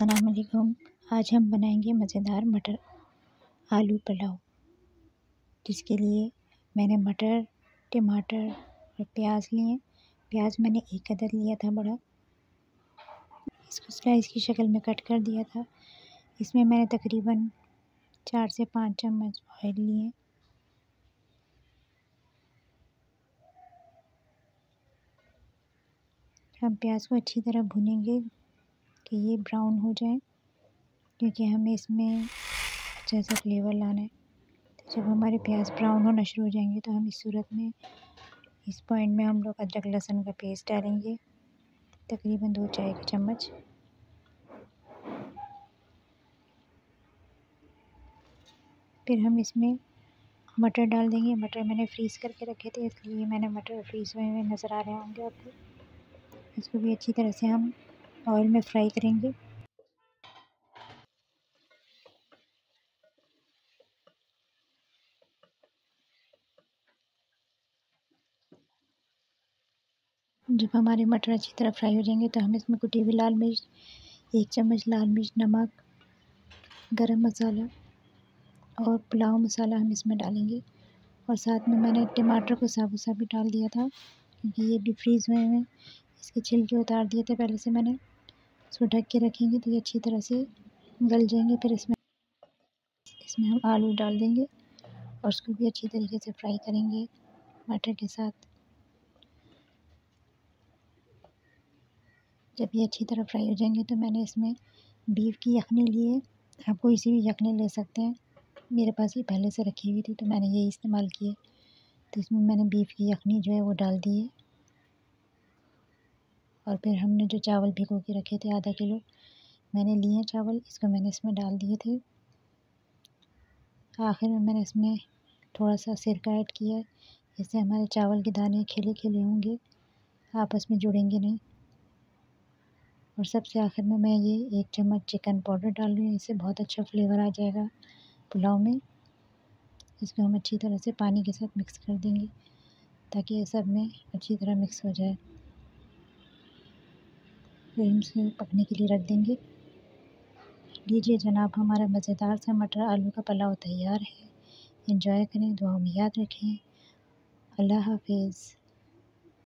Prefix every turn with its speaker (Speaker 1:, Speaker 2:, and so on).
Speaker 1: असलकुम आज हम बनाएंगे मज़ेदार मटर आलू पुलाव जिसके लिए मैंने मटर टमाटर और प्याज लिए प्याज मैंने एक अदर लिया था बड़ा इसको स्लाइस की शक्ल में कट कर दिया था इसमें मैंने तकरीबन चार से पाँच चम्मच ऑयल लिए हम प्याज को अच्छी तरह भुनेंगे कि ये ब्राउन हो जाए क्योंकि हमें इसमें अच्छा सा फ्लेवर लाना है तो जब हमारे प्याज ब्राउन होना शुरू हो जाएंगे तो हम इस सूरत में इस पॉइंट में हम लोग अदरक लहसुन का पेस्ट डालेंगे तकरीबन दो चाय के चम्मच फिर हम इसमें मटर डाल देंगे मटर मैंने फ्रीज़ करके रखे थे इसलिए मैंने मटर फ्रीज़ हुए हुए नज़र आ रहे होंगे आपको इसको भी अच्छी तरह से हम ऑयल में फ्राई करेंगे जब हमारे मटर अच्छी तरह फ्राई हो जाएंगे तो हम इसमें कुटी हुई लाल मिर्च एक चम्मच लाल मिर्च नमक गरम मसाला और पुलाव मसाला हम इसमें डालेंगे और साथ में मैंने टमाटर को साबुत भी डाल दिया था क्योंकि ये भी फ्रीज़ हुए हैं इसके छिलके उतार दिए थे पहले से मैंने इसको ढक के रखेंगे तो ये अच्छी तरह से गल जाएंगे फिर इसमें इसमें हम आलू डाल देंगे और उसको भी अच्छी तरीके से फ्राई करेंगे मटर के साथ जब ये अच्छी तरह फ्राई हो जाएंगे तो मैंने इसमें बीफ की यखनी ली है आप कोई सी भी यखनी ले सकते हैं मेरे पास ये पहले से रखी हुई थी तो मैंने ये इस्तेमाल किए तो इसमें मैंने बीफ की यखनी जो है वो डाल दी है और फिर हमने जो चावल भिगो के रखे थे आधा किलो मैंने लिए चावल इसको मैंने इसमें डाल दिए थे आखिर में मैंने इसमें थोड़ा सा सिरका ऐड किया इससे हमारे चावल के दाने खिले खिले होंगे आपस में जुड़ेंगे नहीं और सबसे आखिर में मैं ये एक चम्मच चिकन पाउडर डाल रही हूँ इससे बहुत अच्छा फ्लेवर आ जाएगा पुलाव में इसको हम अच्छी तरह से पानी के साथ मिक्स कर देंगे ताकि ये सब में अच्छी तरह मिक्स हो जाए फ्लेम से पकने के लिए रख देंगे लीजिए जनाब हमारा मज़ेदार सा मटर आलू का पुलाव तैयार है इन्जॉय करें दुआ में याद रखें अल्लाह हाफिज़